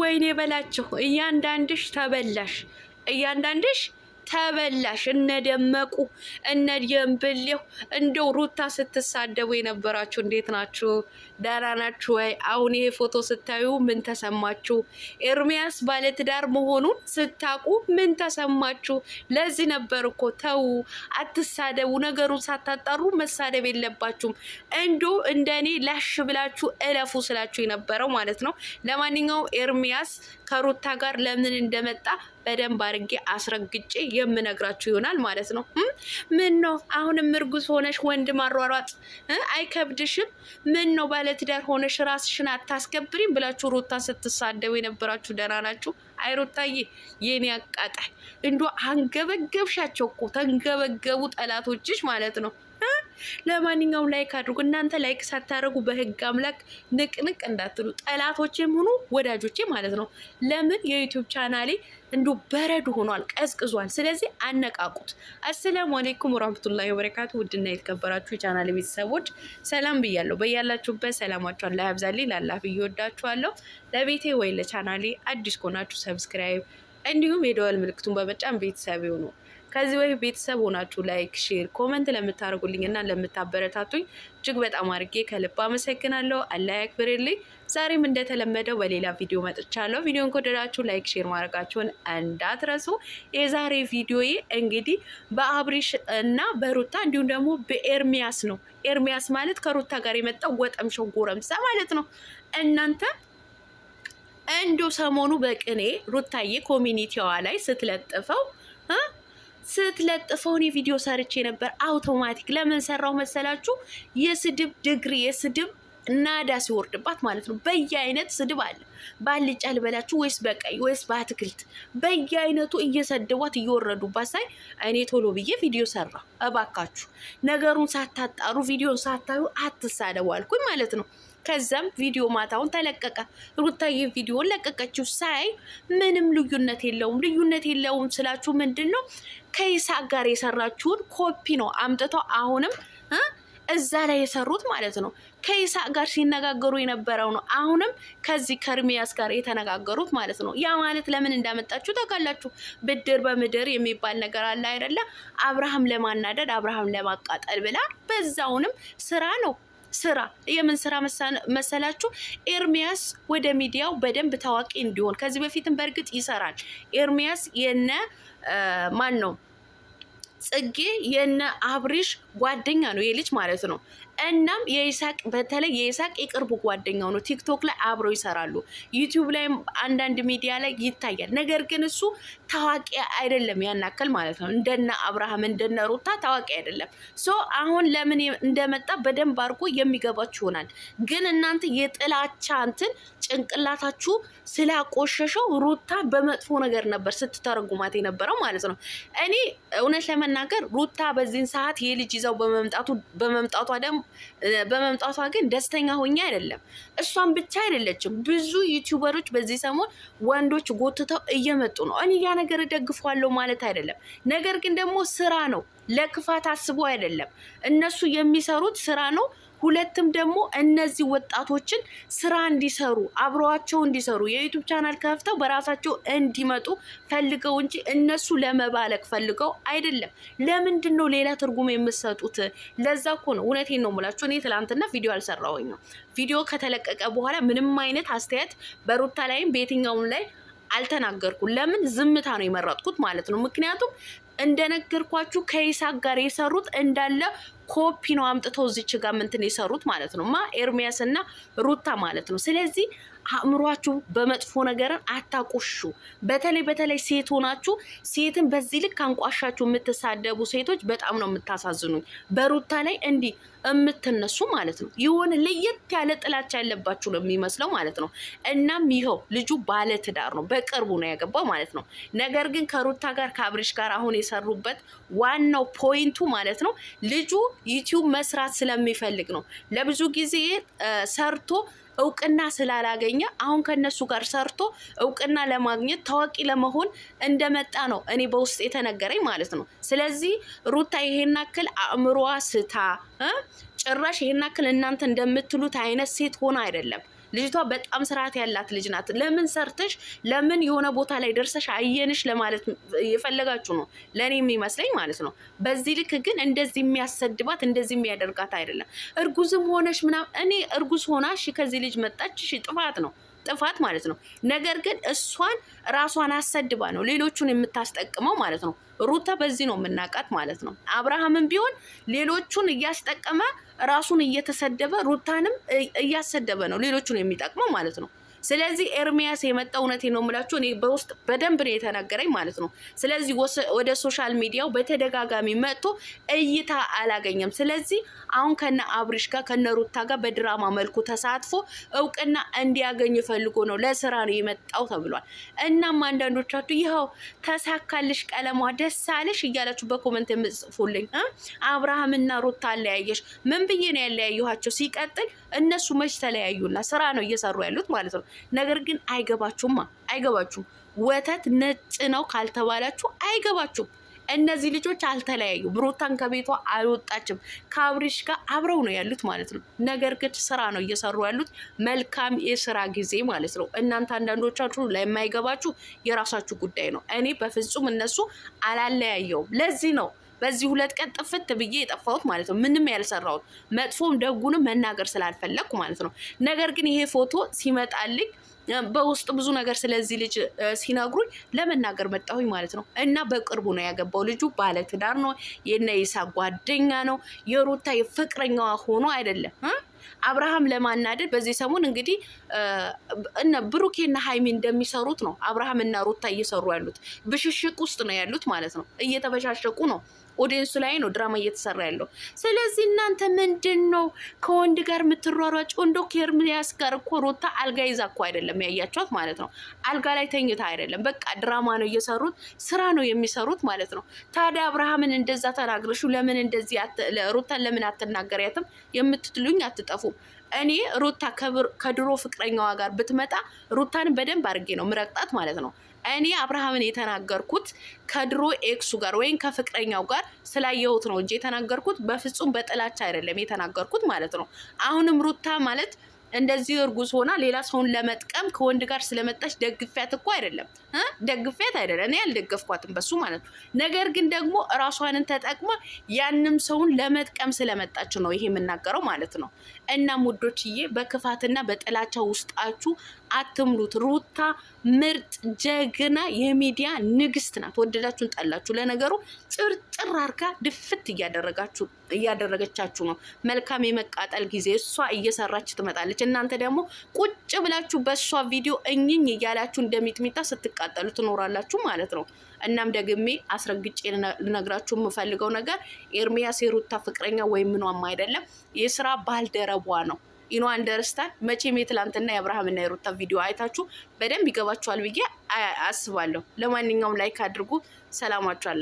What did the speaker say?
ወይኔ በላችሁ እያንዳንድሽ ተበላሽ እያንዳንድሽ ተበላሽ። እነደመቁ እነደንብሌው እንደው ሩታ ስትሳደቡ የነበራችሁ እንዴት ናችሁ? ደህና ናችሁ ወይ? አሁን ይሄ ፎቶ ስታዩ ምን ተሰማችሁ? ኤርሚያስ ባለትዳር መሆኑን ስታቁ ምን ተሰማችሁ? ለዚህ ነበር እኮ ተዉ፣ አትሳደቡ። ነገሩን ሳታጣሩ መሳደብ የለባችሁም። እንዶ እንደኔ ላሽ ብላችሁ እለፉ ስላችሁ የነበረው ማለት ነው። ለማንኛውም ኤርሚያስ ከሩታ ጋር ለምን እንደመጣ በደንብ አድርጌ አስረግጬ የምነግራችሁ ይሆናል ማለት ነው። ምን ነው አሁንም እርጉዝ ሆነሽ ወንድ ማሯሯጥ አይከብድሽም? ምን ነው ባለትዳር ሆነሽ ራስሽን አታስከብሪም? ብላችሁ ሩታን ስትሳደቡ የነበራችሁ ደህና ናችሁ? አይ ሩታዬ፣ የኔ አቃጣይ እንዶ አንገበገብሻቸው እኮ ተንገበገቡ ጠላቶችሽ ማለት ነው። ለማንኛውም ላይክ አድርጉ። እናንተ ላይክ ሳታደርጉ በህግ አምላክ ንቅንቅ እንዳትሉ፣ ጠላቶቼም ሆኑ ወዳጆቼ ማለት ነው። ለምን የዩቱብ ቻናሌ እንዲሁ በረድ ሆኗል፣ ቀዝቅዟል። ስለዚህ አነቃቁት። አሰላሙ አሌይኩም ወራህመቱላሂ ወበረካቱ። ውድና የተከበራችሁ የቻናሌ ቤተሰቦች ሰላም ብያለሁ። በያላችሁበት ሰላማችሁ አላህ ያብዛልኝ። ላላፍ እየወዳችኋለሁ። ለቤቴ ወይ ለቻናሌ አዲስ ከሆናችሁ ሰብስክራይብ እንዲሁም የደወል ምልክቱን በመጫን ቤተሰብ ይሁኑ። ከዚህ ወይ ቤተሰብ ሆናችሁ ላይክ፣ ሼር፣ ኮመንት ለምታደርጉልኝ እና ለምታበረታቱኝ እጅግ በጣም አድርጌ ከልብ አመሰግናለሁ። አላህ ያክብርልኝ። ዛሬም እንደተለመደው በሌላ ቪዲዮ መጥቻለሁ። ቪዲዮን ከወደዳችሁ ላይክ፣ ሼር ማድረጋችሁን እንዳትረሱ። የዛሬ ቪዲዮዬ እንግዲህ በአብሪሽ እና በሩታ እንዲሁም ደግሞ በኤርሚያስ ነው። ኤርሚያስ ማለት ከሩታ ጋር የመጣው ወጠምሸው ጎረምሳ ማለት ነው። እናንተ እንዶ ሰሞኑ በቅኔ ሩታዬ ኮሚኒቲዋ ላይ ስትለጥፈው ስትለጥፈው እኔ ቪዲዮ ሰርቼ ነበር። አውቶማቲክ ለምን ሰራው መሰላችሁ? የስድብ ድግሪ የስድብ ናዳ ሲወርድባት ማለት ነው። በየአይነት ስድብ አለ። ባልጫ ልበላችሁ ወይስ በቀይ ወይስ በአትክልት በየአይነቱ እየሰደቧት እየወረዱባት ሳይ እኔ ቶሎ ብዬ ቪዲዮ ሰራ። እባካችሁ ነገሩን ሳታጣሩ ቪዲዮን ሳታዩ አትሳደቡ አልኩኝ ማለት ነው። ከዛም ቪዲዮ ማታውን ተለቀቀ። ሩታዬ ቪዲዮን ለቀቀችው ሳይ ምንም ልዩነት የለውም። ልዩነት የለውም ስላችሁ ምንድን ነው ጋር የሰራችውን ኮፒ ነው አምጥተው አሁንም እዛ ላይ የሰሩት ማለት ነው። ከይሳ ጋር ሲነጋገሩ የነበረው ነው። አሁንም ከዚህ ከርሚያስ ጋር የተነጋገሩት ማለት ነው። ያ ማለት ለምን እንዳመጣችሁ ታውቃላችሁ። ብድር በምድር የሚባል ነገር አለ አይደለ? አብርሃም ለማናደድ አብርሃም ለማቃጠል ብላ በዛውንም ስራ ነው ስራ የምን ስራ መሰላችሁ? ኤርሚያስ ወደ ሚዲያው በደንብ ታዋቂ እንዲሆን ከዚህ በፊትም በእርግጥ ይሰራል። ኤርሚያስ የነ ማን ነው ጽጌ የነ አብሪሽ ጓደኛ ነው የልጅ ማለት ነው። እናም የይሳቅ በተለይ የይሳቅ የቅርብ ጓደኛው ነው። ቲክቶክ ላይ አብረው ይሰራሉ። ዩቲዩብ ላይም አንዳንድ ሚዲያ ላይ ይታያል። ነገር ግን እሱ ታዋቂ አይደለም ያናከል ማለት ነው። እንደነ አብርሃም እንደነ ሩታ ታዋቂ አይደለም። ሶ አሁን ለምን እንደመጣ በደንብ አድርጎ የሚገባችሁ ይሆናል። ግን እናንተ የጥላቻ እንትን ጭንቅላታችሁ ስላቆሸሸው ሩታ በመጥፎ ነገር ነበር ስትተረጉማት የነበረው ማለት ነው። እኔ እውነት ለመናገር ሩታ በዚህን ሰዓት የልጅ ይዘው በመምጣቱ በመምጣቷ ደግሞ በመምጣቷ ግን ደስተኛ ሆኜ አይደለም። እሷን ብቻ አይደለችም። ብዙ ዩቲዩበሮች በዚህ ሰሞን ወንዶች ጎትተው እየመጡ ነው። እኔ ያ ነገር እደግፏለሁ ማለት አይደለም። ነገር ግን ደግሞ ስራ ነው፣ ለክፋት አስቦ አይደለም። እነሱ የሚሰሩት ስራ ነው። ሁለትም ደግሞ እነዚህ ወጣቶችን ስራ እንዲሰሩ አብረዋቸው እንዲሰሩ የዩቱብ ቻናል ከፍተው በራሳቸው እንዲመጡ ፈልገው እንጂ እነሱ ለመባለቅ ፈልገው አይደለም። ለምንድን ነው ሌላ ትርጉም የምትሰጡት? ለዛ እኮ ነው። እውነቴን ነው የምላችሁ። እኔ ትላንትና ቪዲዮ አልሰራሁኝ ነው። ቪዲዮ ከተለቀቀ በኋላ ምንም አይነት አስተያየት በሩታ ላይም በየትኛውም ላይ አልተናገርኩም። ለምን ዝምታ ነው የመረጥኩት ማለት ነው። ምክንያቱም እንደነገርኳችሁ ከይሳቅ ጋር የሰሩት እንዳለ ኮፒ ነው አምጥተው እዚች ጋር ምንትን የሰሩት ማለት ነው ማ ኤርሚያስ እና ሩታ ማለት ነው። ስለዚህ አእምሯችሁ በመጥፎ ነገርን አታቁሹ። በተለይ በተለይ ሴት ሆናችሁ ሴትን በዚህ ልክ አንቋሻችሁ የምትሳደቡ ሴቶች በጣም ነው የምታሳዝኑኝ። በሩታ ላይ እንዲህ የምትነሱ ማለት ነው የሆነ ለየት ያለ ጥላቻ ያለባችሁ ነው የሚመስለው ማለት ነው። እናም ይኸው ልጁ ባለ ትዳር ነው፣ በቅርቡ ነው ያገባው ማለት ነው። ነገር ግን ከሩታ ጋር ከአብሬሽ ጋር አሁን የሰሩበት ዋናው ፖይንቱ ማለት ነው ልጁ ዩቲዩብ መስራት ስለሚፈልግ ነው። ለብዙ ጊዜ ሰርቶ እውቅና ስላላገኘ አሁን ከነሱ ጋር ሰርቶ እውቅና ለማግኘት ታዋቂ ለመሆን እንደመጣ ነው እኔ በውስጥ የተነገረኝ ማለት ነው። ስለዚህ ሩታ ይሄን አክል አእምሯ ስታ ጭራሽ ይሄን አክል እናንተ እንደምትሉት አይነት ሴት ሆና አይደለም ልጅቷ በጣም ስርዓት ያላት ልጅ ናት። ለምን ሰርተሽ ለምን የሆነ ቦታ ላይ ደርሰሽ አየንሽ ለማለት የፈለጋችሁ ነው ለእኔ የሚመስለኝ ማለት ነው። በዚህ ልክ ግን እንደዚህ የሚያሰድባት እንደዚህ የሚያደርጋት አይደለም። እርጉዝም ሆነሽ ምናምን እኔ እርጉዝ ሆናሽ ከዚህ ልጅ መጣች ጥፋት ነው ጥፋት ማለት ነው። ነገር ግን እሷን ራሷን አሰድባ ነው ሌሎቹን የምታስጠቅመው ማለት ነው። ሩታ በዚህ ነው የምናውቃት ማለት ነው። አብርሃምም ቢሆን ሌሎቹን እያስጠቀመ ራሱን እየተሰደበ ሩታንም እያሰደበ ነው ሌሎቹን የሚጠቅመው ማለት ነው። ስለዚህ ኤርሚያስ የመጣ እውነቴ ነው የምላችሁ፣ እኔ በውስጥ በደንብ ነው የተናገረኝ ማለት ነው። ስለዚህ ወደ ሶሻል ሚዲያው በተደጋጋሚ መጥቶ እይታ አላገኘም። ስለዚህ አሁን ከነ አብሪሽ ጋር ከነ ሩታ ጋር በድራማ መልኩ ተሳትፎ እውቅና እንዲያገኝ ፈልጎ ነው፣ ለስራ ነው የመጣው ተብሏል። እናም አንዳንዶቻችሁ ይኸው ተሳካልሽ፣ ቀለሟ ደስ አለሽ እያላችሁ በኮመንት የምጽፉልኝ አብርሃምና ሩታ አለያየሽ። ምን ብዬ ነው ያለያየኋቸው? ሲቀጥል እነሱ መች ተለያዩና ስራ ነው እየሰሩ ያሉት ማለት ነው። ነገር ግን አይገባችሁማ፣ አይገባችሁም። ወተት ነጭ ነው ካልተባላችሁ አይገባችሁም። እነዚህ ልጆች አልተለያዩ። ብሩታን ከቤቷ አልወጣችም። ከአብሪሽ ጋር አብረው ነው ያሉት ማለት ነው። ነገር ግን ስራ ነው እየሰሩ ያሉት። መልካም የስራ ጊዜ ማለት ነው። እናንተ አንዳንዶቻችሁ ለማይገባችሁ የራሳችሁ ጉዳይ ነው። እኔ በፍጹም እነሱ አላለያየውም። ለዚህ ነው በዚህ ሁለት ቀን ጥፍት ብዬ የጠፋሁት ማለት ነው። ምንም ያልሰራሁት መጥፎም ደጉንም መናገር ስላልፈለግኩ ማለት ነው። ነገር ግን ይሄ ፎቶ ሲመጣልኝ በውስጥ ብዙ ነገር ስለዚህ ልጅ ሲነግሩኝ ለመናገር መጣሁኝ ማለት ነው። እና በቅርቡ ነው ያገባው። ልጁ ባለትዳር ነው። የነ ይሳ ጓደኛ ነው። የሩታ የፍቅረኛዋ ሆኖ አይደለም አብርሃም ለማናደድ በዚህ ሰሞን እንግዲህ እነ ብሩኬና ሀይሚ እንደሚሰሩት ነው። አብርሃም እና ሩታ እየሰሩ ያሉት ብሽሽቅ ውስጥ ነው ያሉት ማለት ነው። እየተበሻሸቁ ነው። ኦዲንሱ ላይ ነው ድራማ እየተሰራ ያለው። ስለዚህ እናንተ ምንድን ነው ከወንድ ጋር የምትሯሯጭ? ወንዶ ከኤርሚያስ ጋር እኮ ሩታ አልጋ ይዛ እኮ አይደለም ያያቸዋት ማለት ነው። አልጋ ላይ ተኝታ አይደለም። በቃ ድራማ ነው እየሰሩት፣ ስራ ነው የሚሰሩት ማለት ነው። ታዲያ አብርሃምን እንደዛ ተናግረሹ ለምን እንደዚህ ሩታን ለምን አትናገሪያትም የምትትሉኝ አትጠ አልጠፉም። እኔ ሩታ ከድሮ ፍቅረኛዋ ጋር ብትመጣ ሩታን በደንብ አድርጌ ነው ምረቅጣት ማለት ነው። እኔ አብርሃምን የተናገርኩት ከድሮ ኤክሱ ጋር ወይም ከፍቅረኛው ጋር ስላየሁት ነው እንጂ የተናገርኩት በፍጹም በጥላቻ አይደለም የተናገርኩት ማለት ነው። አሁንም ሩታ ማለት እንደዚህ እርጉዝ ሆና ሌላ ሰውን ለመጥቀም ከወንድ ጋር ስለመጣች ደግፊያት እኮ አይደለም ደግፊያት አይደለም እኔ ያልደገፍኳትም በሱ ማለት ነው። ነገር ግን ደግሞ እራሷንን ተጠቅማ ያንም ሰውን ለመጥቀም ስለመጣች ነው ይሄ የምናገረው ማለት ነው። እናም ውዶችዬ በክፋትና በጥላቻ ውስጣችሁ አትምሉት። ሩታ ምርጥ ጀግና የሚዲያ ንግስት ናት። ወደዳችሁን ጠላችሁ፣ ለነገሩ ጭርጭር አርጋ ድፍት እያደረገቻችሁ ነው። መልካም የመቃጠል ጊዜ እሷ እየሰራች ትመጣለች። እናንተ ደግሞ ቁጭ ብላችሁ በእሷ ቪዲዮ እኝኝ እያላችሁ እንደሚጥሚጣ ስትቃጠሉ ትኖራላችሁ ማለት ነው። እናም ደግሜ አስረግጬ ልነግራችሁ የምፈልገው ነገር ኤርሚያስ የሩታ ፍቅረኛ ወይም ምኗም አይደለም፣ የስራ ባልደረቧ ነው። ዩኖ አንደርስታን መቼም የትላንትና የአብርሃምና የሩታ ቪዲዮ አይታችሁ በደንብ ይገባችኋል ብዬ አስባለሁ። ለማንኛውም ላይክ አድርጉ። ሰላማችኋለ